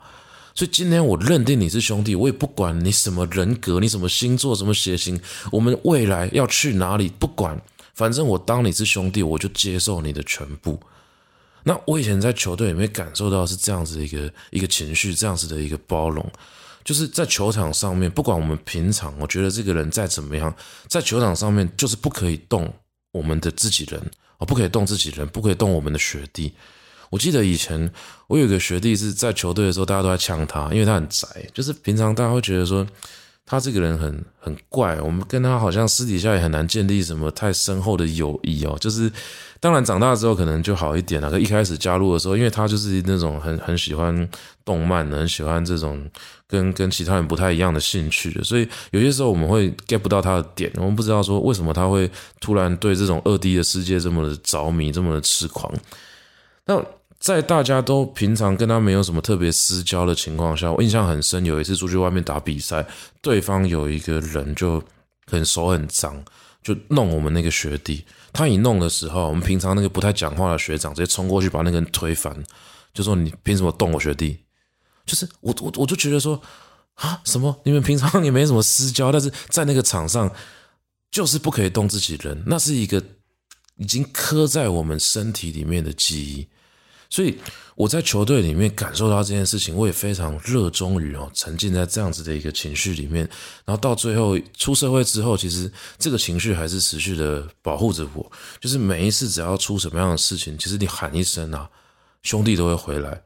所以今天我認定你是兄弟，我也不管你什麼人格，你什麼星座，什麼血型，我們未來要去哪裡，不管，反正我當你是兄弟，我就接受你的全部。那我以前在球隊有沒有感受到是這樣子的一個一個情緒，這樣子的一個包容，就是在球場上面，不管我們平常，我覺得這個人再怎麼樣，在球場上面就是不可以動我們的自己人，不可以動自己人，不可以動我們的學弟。我記得以前我有個學弟是在球隊的時候，大家都在嗆他，因為他很宅，就是平常大家會覺得說。他這個人很很怪，我們跟他好像私底下也很難建立什麼太深厚的友誼哦。就是，當然長大之後可能就好一點了。可一開始加入的時候，因為他就是那種很很喜歡動漫，很喜歡這種跟跟其他人不太一樣的興趣的，所以有些時候我們會 get 不到他的點，我們不知道說為什麼他會突然對這種二 D 的世界這麼的着迷，這麼的痴狂。那。在大家都平常跟他沒有什麼特別私交的情況下，我印象很深。有一次出去外面打比賽，對方有一個人就很手很髒，就弄我們那個學弟。他一弄的時候，我們平常那個不太講話的學長直接衝過去把那個人推翻，就說你憑什麼動我學弟？就是我我我就覺得說啊，什麼你們平常也沒什麼私交，但是在那個場上就是不可以動自己人，那是一個已經刻在我們身體裡面的記憶。所以我在球隊裡面感受到這件事情，我也非常熱衷於哦，沉浸在這樣子的一個情緒裡面。然後到最後出社會之後，其實這個情緒還是持續的保護着我。就是每一次只要出什麼樣的事情，其實你喊一聲啊，兄弟都會回來。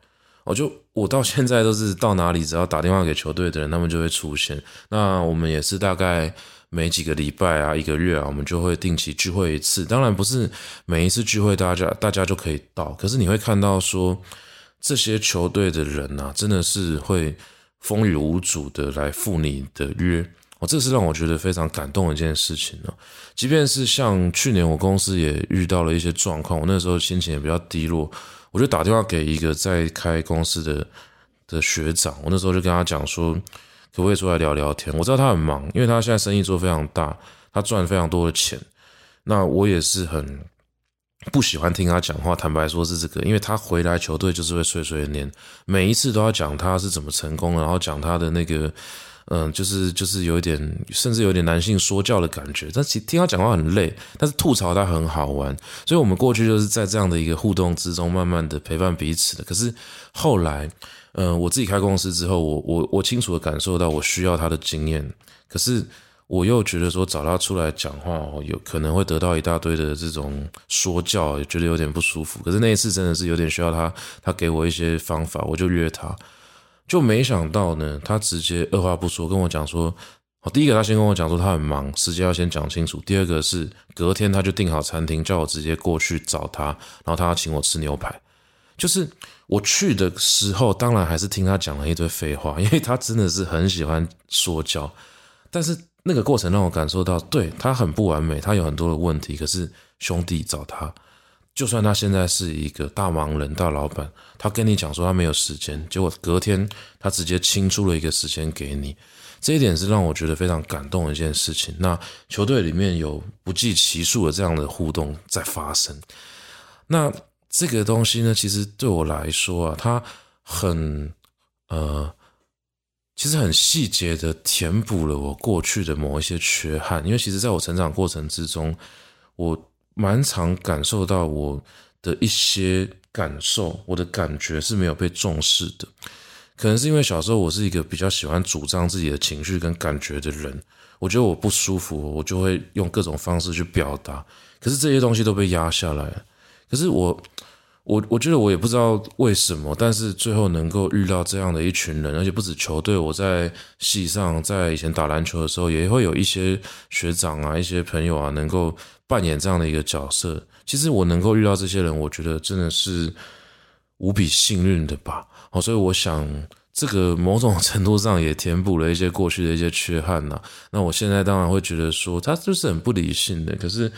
我就我到現在都是到哪裡，只要打電話給球隊的人，他們就會出現。那我們也是大概。每幾個禮拜啊，一個月啊，我們就會定期聚會一次。當然不是每一次聚會大家大家就可以到，可是你會看到說這些球隊的人呐、啊，真的是會風雨無阻的來赴你的約。我、哦、這是讓我覺得非常感動的一件事情了、哦。即便是像去年我公司也遇到了一些狀況，我那時候心情也比較低落，我就打電話給一個在開公司的的學長，我那時候就跟他講說。可不可以出來聊聊天？我知道他很忙，因為他現在生意做非常大，他賺了非常多的錢。那我也是很不喜歡聽他講話，坦白說是這個，因為他回來球隊就是會碎碎念，每一次都要講他是怎麼成功的，然後講他的那個，嗯，就是就是有一點，甚至有一點男性說教的感覺。但其實聽他講話很累，但是吐槽他很好玩。所以我們過去就是在這樣的一個互動之中，慢慢的陪伴彼此的。可是後來。嗯、呃，我自己開公司之後，我我我清楚地感受到我需要他的經驗，可是我又覺得說找他出來講話哦，有可能會得到一大堆的這種說教，也覺得有點不舒服。可是那一次真的是有點需要他，他給我一些方法，我就約他，就沒想到呢，他直接二話不說跟我講說，哦，第一個他先跟我講說他很忙，時間要先講清楚。第二個是隔天他就訂好餐廳，叫我直接過去找他，然後他要請我吃牛排，就是。我去的時候，當然還是聽他講了一堆廢話，因為他真的是很喜歡說教。但是那個過程讓我感受到，對，他很不完美，他有很多的問題。可是兄弟找他，就算他現在是一個大忙人、大老闆，他跟你講說他沒有時間，結果隔天他直接清出了一個時間給你。這一點是讓我覺得非常感動的一件事情。那球隊裡面有不計其數的這樣的互動在發生，那。這個東西呢，其實對我來說啊，它很呃，其實很細節地填補了我過去的某一些缺憾。因為其實在我成長過程之中，我蠻常感受到我的一些感受、我的感覺是沒有被重視的。可能是因為小時候我是一個比較喜歡主張自己的情緒跟感覺的人，我覺得我不舒服，我就會用各種方式去表達。可是這些東西都被壓下來了，可是我。我我覺得我也不知道為什麼，但是最後能夠遇到這樣的一群人，而且不止球隊，我在系上，在以前打籃球的時候，也會有一些學長啊、一些朋友啊，能夠扮演這樣的一個角色。其實我能夠遇到這些人，我覺得真的是無比幸運的吧。所以我想這個某種程度上也填補了一些過去的一些缺憾吶、啊。那我現在當然會覺得說他就是很不理性的，可是。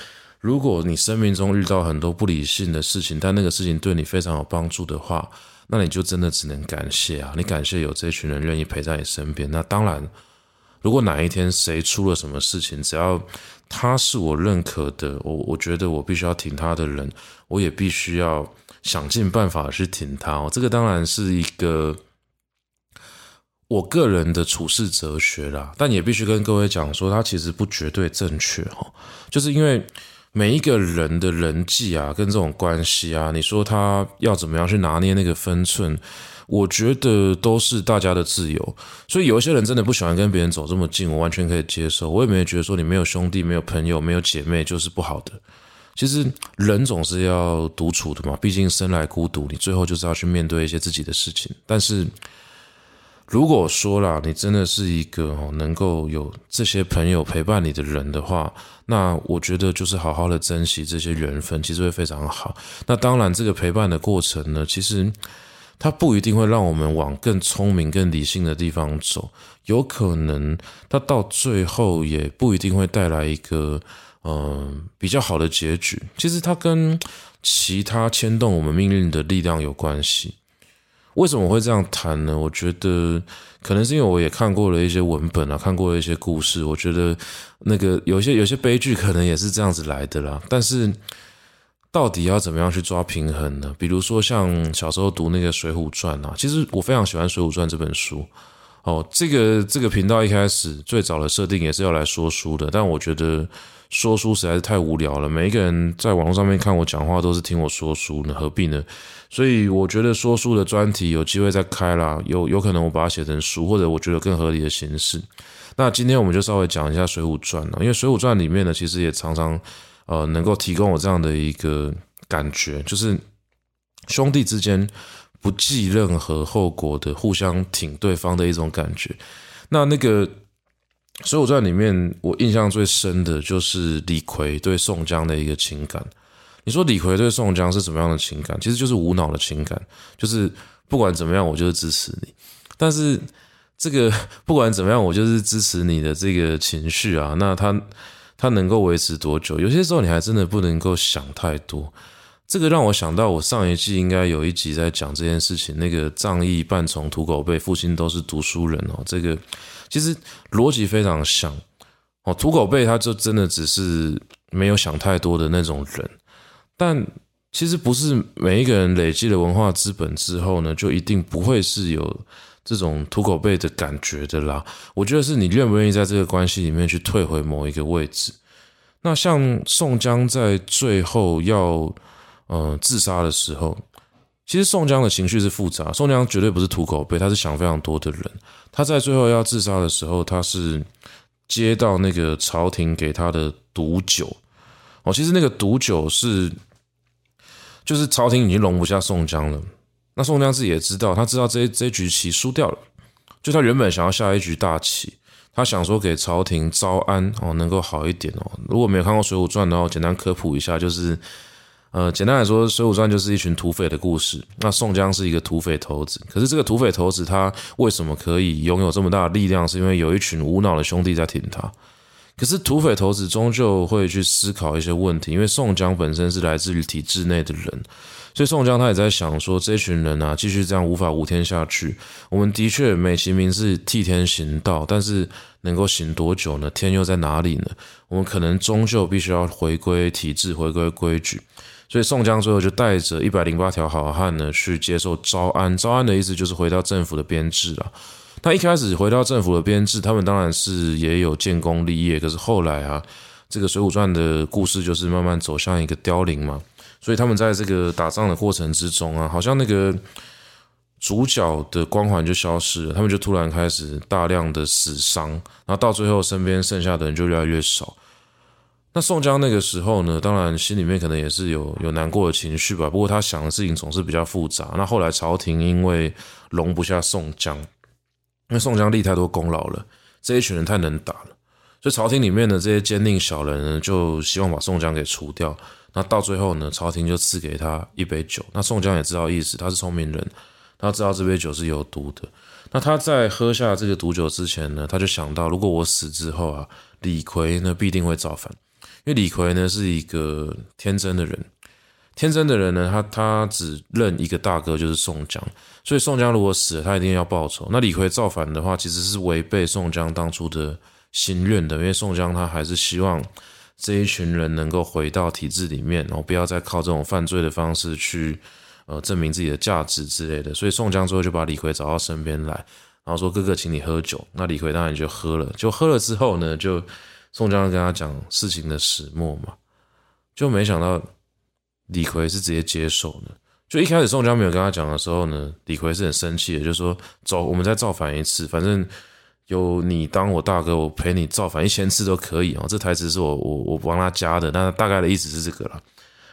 如果你生命中遇到很多不理性的事情，但那個事情對你非常有幫助的話，那你就真的只能感謝啊！你感謝有這群人願意陪在你身邊。那當然，如果哪一天誰出了什麼事情，只要他是我認可的，我我覺得我必須要挺他的人，我也必須要想盡辦法去挺他。哦，這個當然是一個我個人的處事哲學啦，但也必須跟各位講說，他其實不絕對正確哦，就是因為。每一個人的人際啊，跟這種關係啊，你說他要怎麼樣去拿捏那個分寸，我覺得都是大家的自由。所以有一些人真的不喜歡跟別人走這麼近，我完全可以接受。我也沒有覺得說你沒有兄弟、沒有朋友、沒有姐妹就是不好的。其實人總是要獨處的嘛，畢竟生來孤獨，你最後就是要去面對一些自己的事情。但是。如果說啦，你真的是一個能夠有這些朋友陪伴你的人的話，那我覺得就是好好的珍惜這些緣分，其實會非常好。那當然，這個陪伴的過程呢，其實它不一定會讓我們往更聰明、更理性的地方走，有可能它到最後也不一定會帶來一個嗯、呃、比較好的結局。其實它跟其他牽動我們命運的力量有關係。為什麼我會這樣談呢？我覺得可能是因為我也看過了一些文本啊，看過了一些故事。我覺得那個有些有些悲劇，可能也是這樣子來的啦。但是到底要怎麼樣去抓平衡呢？比如說像小時候讀那個《水滸傳》啊，其實我非常喜歡《水滸傳》這本書。哦，這個這個頻道一開始最早的設定也是要來說書的，但我覺得說書實在是太無聊了。每一個人在網絡上面看我講話，都是聽我說書呢，何必呢？所以我覺得說書的專題有機會再開啦，有有可能我把它寫成書，或者我覺得更合理的形式。那今天我們就稍微講一下《水滸傳》了，因為《水滸傳》裡面呢，其實也常常呃能夠提供我這樣的一個感覺，就是兄弟之間不計任何後果的互相挺對方的一種感覺。那那個《水滸傳》裡面，我印象最深的就是李逵對宋江的一個情感。你說李逵對宋江是什麼樣的情感？其實就是無腦的情感，就是不管怎麼樣，我就是支持你。但是這個不管怎麼樣，我就是支持你的這個情緒啊。那他他能夠維持多久？有些時候你還真的不能夠想太多。這個讓我想到，我上一季應該有一集在講這件事情。那個仗義每從屠狗輩，負心都是讀書人哦。這個其實邏輯非常像哦，屠狗輩他就真的只是沒有想太多的那種人。但其實不是每一個人累積了文化資本之後呢，就一定不會是有這種屠狗輩的感覺的啦。我覺得是你願不願意在這個關係裡面去退回某一個位置。那像宋江在最後要嗯，呃、自殺的時候，其實宋江的情緒是複雜。宋江絕對不是圖口碑，他是想非常多的人。他在最後要自殺的時候，他是接到那個朝廷給他的毒酒哦。其實那個毒酒是，就是朝廷已經容不下宋江了。那宋江自己也知道，他知道這一這一局棋輸掉了。就他原本想要下一局大棋，他想說給朝廷招安哦，能夠好一點哦。如果沒有看過《水滸傳》的話，簡單科普一下，就是。呃，簡單來說，《水滸傳》就是一群土匪的故事。那宋江是一個土匪頭子，可是這個土匪頭子他為什麼可以擁有這麼大的力量？是因為有一群無腦的兄弟在挺他。可是土匪頭子終究會去思考一些問題，因為宋江本身是來自於體制內的人，所以宋江他也在想說，這群人啊，繼續這樣無法無天下去，我們的確美其名是替天行道，但是能夠行多久呢？天又在哪裡呢？我們可能終究必須要回歸體制，回歸規矩。所以宋江最後就帶着一百零八條好漢呢，去接受招安。招安的意思就是回到政府的編制了。他一開始回到政府的編制，他們當然是也有建功立業。可是後來啊，這個《水滸傳》的故事就是慢慢走向一個凋零嘛。所以他們在這個打仗的過程之中啊，好像那個主角的光環就消失了。他們就突然開始大量的死傷，然後到最後身邊剩下的人就越來越少。那宋江那個時候呢，當然心裡面可能也是有有難過的情緒吧。不過他想的事情總是比較複雜。那後來朝廷因為容不下宋江，因為宋江立太多功勞了，這一群人太能打了，所以朝廷裡面的這些奸佞小人呢，就希望把宋江給除掉。那到最後呢，朝廷就賜給他一杯酒。那宋江也知道意思，他是聰明人，他知道這杯酒是有毒的。那他在喝下這個毒酒之前呢，他就想到，如果我死之後啊，李逵呢必定會造反。因為李逵呢是一個天真的人，天真的人呢，他他只認一個大哥，就是宋江。所以宋江如果死了，他一定要報仇。那李逵造反的話，其實是違背宋江當初的心願的，因為宋江他還是希望這一群人能夠回到體制裡面，然後不要再靠這種犯罪的方式去呃證明自己的價值之類的。所以宋江之後就把李逵找到身邊來，然後說：“哥哥，請你喝酒。”那李逵當然就喝了，就喝了之後呢，就。宋江跟他講事情的始末嘛，就沒想到李逵是直接接受的。就一開始宋江沒有跟他講的時候呢，李逵是很生氣的，就說：“走，我們再造反一次，反正有你當我大哥，我陪你造反一千次都可以啊。”這台詞是我我我幫他加的，那大概的意思是這個啦。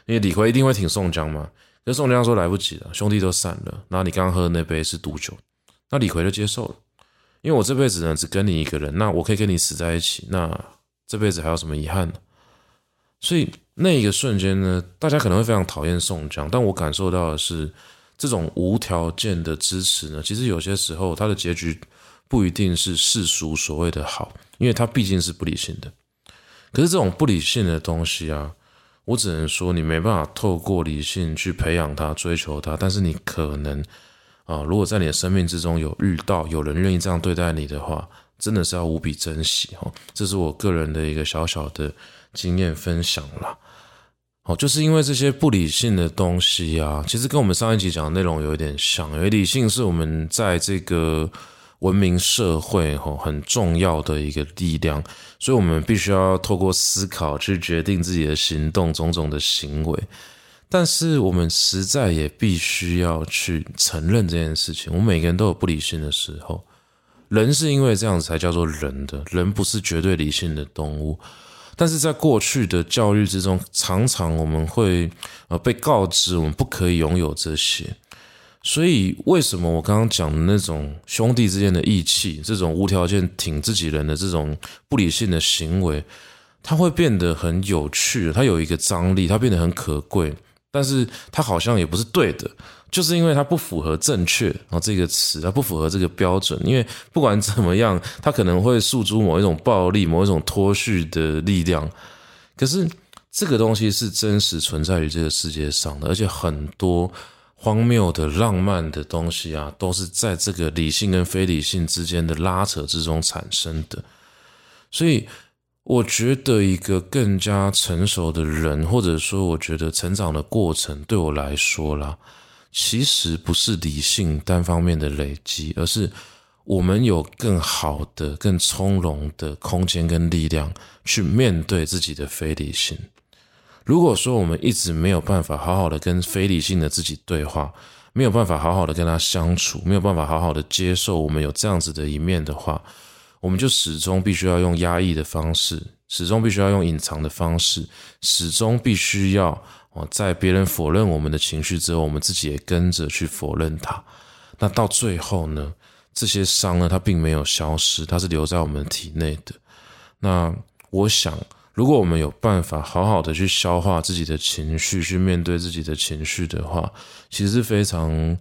因為李逵一定會挺宋江嘛，跟宋江說來不及了，兄弟都散了。然後你剛剛喝的那杯是毒酒，那李逵就接受了，因為我這輩子呢只跟你一個人，那我可以跟你死在一起，那。這輩子還有什麼遺憾呢？所以那一個瞬間呢，大家可能會非常討厭宋江，但我感受到的是，這種無條件的支持呢，其實有些時候他的結局不一定是世俗所謂的好，因為他畢竟是不理性的。可是這種不理性的東西啊，我只能說你沒辦法透過理性去培養他、追求他，但是你可能啊，如果在你的生命之中有遇到，有人願意這樣對待你的話。真的是要無比珍惜哦,這是我個人的一個小小的經驗分享啦。好,就是因為這些不理性的東西啊,其實跟我們上一集講的內容有一點像。因為理性是我們在這個文明社會吼很重要的一個力量,所以我們必須要透過思考去決定自己的行動,種種的行為。但是我們實在也必須要去承認這件事情,我們每個人都有不理性的時候。人是因為這樣子才叫做人的，人不是絕對理性的動物。但是在過去的教育之中，常常我們會呃被告知我們不可以擁有這些。所以，為什麼我剛剛講的那種兄弟之間的義氣，這種無條件挺自己人的這種不理性的行為，它會變得很有趣，它有一個張力，它變得很可貴，但是它好像也不是對的。就是因為它不符合“正確”啊這個詞，它不符合這個標準。因為不管怎麼樣，它可能會訴諸某一種暴力、某一種脫序的力量。可是這個東西是真實存在於這個世界上的，而且很多荒謬的、浪漫的東西啊，都是在這個理性跟非理性之間的拉扯之中產生的。所以，我覺得一個更加成熟的人，或者說，我覺得成長的過程，對我來說啦。其實不是理性單方面的累積，而是我們有更好的、更從容的空間跟力量去面對自己的非理性。如果說我們一直沒有辦法好好的跟非理性的自己對話，沒有辦法好好的跟他相處，沒有辦法好好的接受我們有這樣子的一面的話，我們就始終必須要用壓抑的方式，始終必須要用隱藏的方式，始終必須要。在別人否認我們的情緒之後，我們自己也跟着去否認它。那到最後呢，這些傷呢，它並沒有消失，它是留在我們的體內的。那我想，如果我們有辦法好好的去消化自己的情緒，去面對自己的情緒的話，其實是非常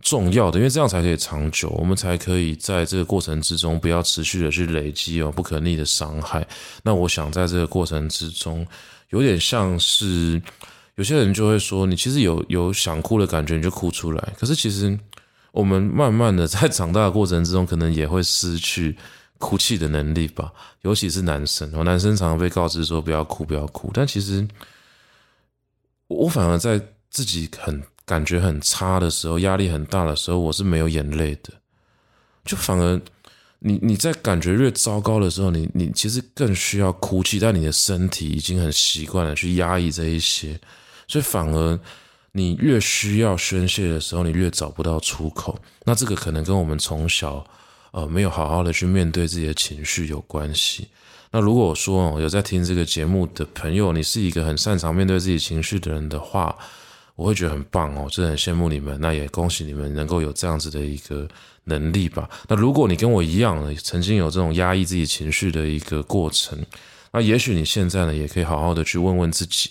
重要的，因為這樣才可以長久，我們才可以在這個過程之中不要持續的去累積哦不可逆的傷害。那我想，在這個過程之中，有點像是。有些人就會說，你其實有有想哭的感覺，你就哭出來。可是其實我們慢慢的在長大的過程之中，可能也會失去哭泣的能力吧？尤其是男生，男生常常被告知說不要哭，不要哭。但其實我，我反而在自己很感覺很差的時候，壓力很大的時候，我是沒有眼淚的。就反而你你在感覺越糟糕的時候，你你其實更需要哭泣，但你的身體已經很習慣了去壓抑這一些。所以反而，你越需要宣洩的時候，你越找不到出口。那這個可能跟我們從小呃沒有好好的去面對自己的情緒有關係。那如果說有在聽這個節目的朋友，你是一個很擅長面對自己情緒的人的話，我會覺得很棒哦，真的很羨慕你們。那也恭喜你們能夠有這樣子的一個能力吧。那如果你跟我一樣，曾經有這種壓抑自己情緒的一個過程。那也許你現在呢，也可以好好的去問問自己，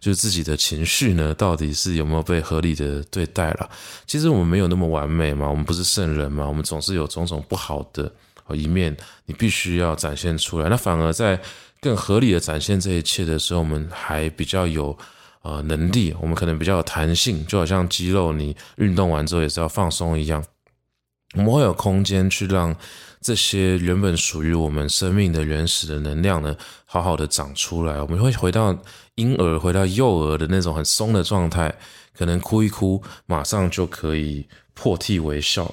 就是自己的情緒呢，到底是有沒有被合理的對待了？其實我們沒有那麼完美嘛，我們不是聖人嘛，我們總是有種種不好的一面，你必須要展現出來。那反而在更合理的展現這一切的時候，我們還比較有呃能力，我們可能比較有彈性，就好像肌肉，你運動完之後也是要放鬆一樣，我們會有空間去讓。這些原本屬於我們生命的原始的能量呢，好好的長出來。我們會回到嬰兒、回到幼兒的那種很鬆的狀態，可能哭一哭，馬上就可以破涕為笑。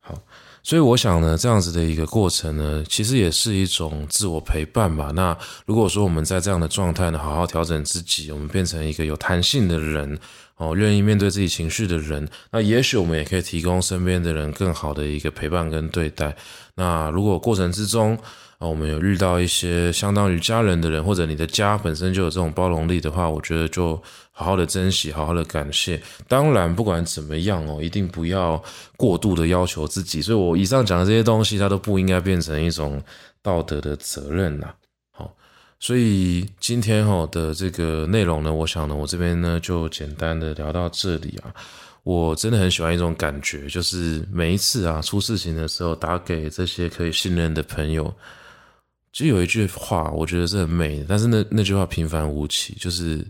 好，所以我想呢，這樣子的一個過程呢，其實也是一種自我陪伴吧。那如果說我們在這樣的狀態呢，好好調整自己，我們變成一個有彈性的人，哦，願意面對自己情緒的人，那也許我們也可以提供身邊的人更好的一個陪伴跟對待。那如果過程之中，啊，我們有遇到一些相當於家人的人，或者你的家本身就有這種包容力的話，我覺得就好好的珍惜，好好的感謝。當然，不管怎麼樣哦，一定不要過度的要求自己。所以我以上講的這些東西，它都不應該變成一種道德的責任吶。所以今天哈的這個內容呢，我想呢，我這邊呢就簡單的聊到這裡啊。我真的很喜歡一種感覺，就是每一次啊出事情的時候，打給這些可以信任的朋友。其實有一句話，我覺得是很美的，但是那那句話平凡無奇，就是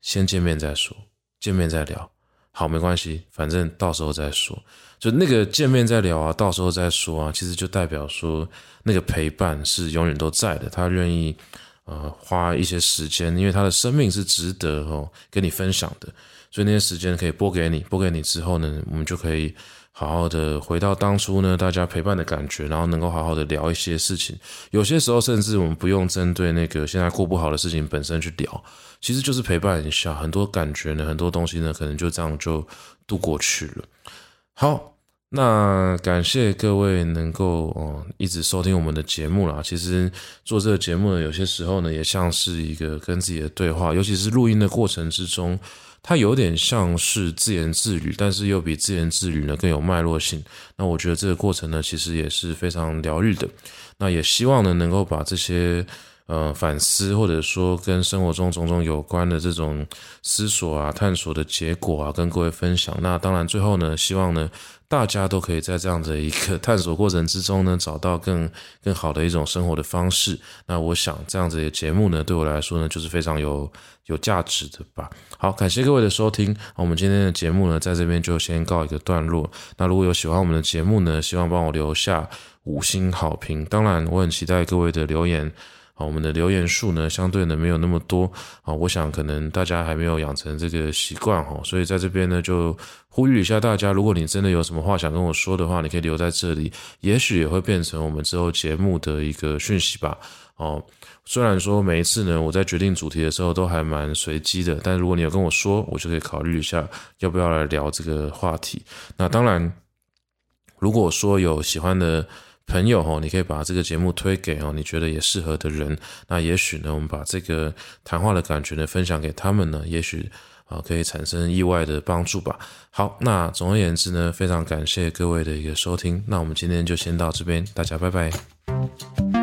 先見面再說，見面再聊，好，沒關係，反正到時候再說。就那個見面再聊啊，到時候再說啊。其實就代表說，那個陪伴是永遠都在的。他願意，呃，花一些時間，因為他的生命是值得哦跟你分享的。所以那些時間可以撥給你，撥給你之後呢，我們就可以好好的回到當初呢大家陪伴的感覺，然後能夠好好的聊一些事情。有些時候甚至我們不用針對那個現在過不好的事情本身去聊，其實就是陪伴一下，很多感覺呢，很多東西呢，可能就這樣就度過去了。好。那感謝各位能夠嗯、呃，一直收聽我們的節目啦。其實做這個節目呢，有些時候呢也像是一個跟自己的對話，尤其是錄音的過程之中，它有點像是自言自語，但是又比自言自語呢更有脈絡性。那我覺得這個過程呢，其實也是非常療癒的。那也希望呢能夠把這些。呃，反思或者說跟生活中種種有關的這種思索啊、探索的結果啊，跟各位分享。那當然，最後呢，希望呢大家都可以在這樣子的一個探索過程之中呢，找到更更好的一種生活的方式。那我想，這樣子的節目呢，對我來說呢，就是非常有有價值的吧。好，感謝各位的收聽。我們今天的節目呢，在這邊就先告一個段落。那如果有喜歡我們的節目呢，希望幫我留下五星好評。當然，我很期待各位的留言。好，我們的留言數呢，相對呢沒有那麼多。好，我想可能大家還沒有養成這個習慣哈，所以在這邊呢就呼籲一下大家，如果你真的有什麼話想跟我說的話，你可以留在這裡，也許也會變成我們之後節目的一個訊息吧。哦，雖然說每一次呢我在決定主題的時候都還蠻隨機的，但如果你有跟我說，我就可以考慮一下要不要來聊這個話題。那當然，如果說有喜歡的。朋友吼，你可以把這個節目推給吼你覺得也適合的人，那也許呢，我們把這個談話的感覺呢分享給他們呢，也許啊可以產生意外的幫助吧。好，那總而言之呢，非常感謝各位的一個收聽，那我們今天就先到這邊，大家拜拜。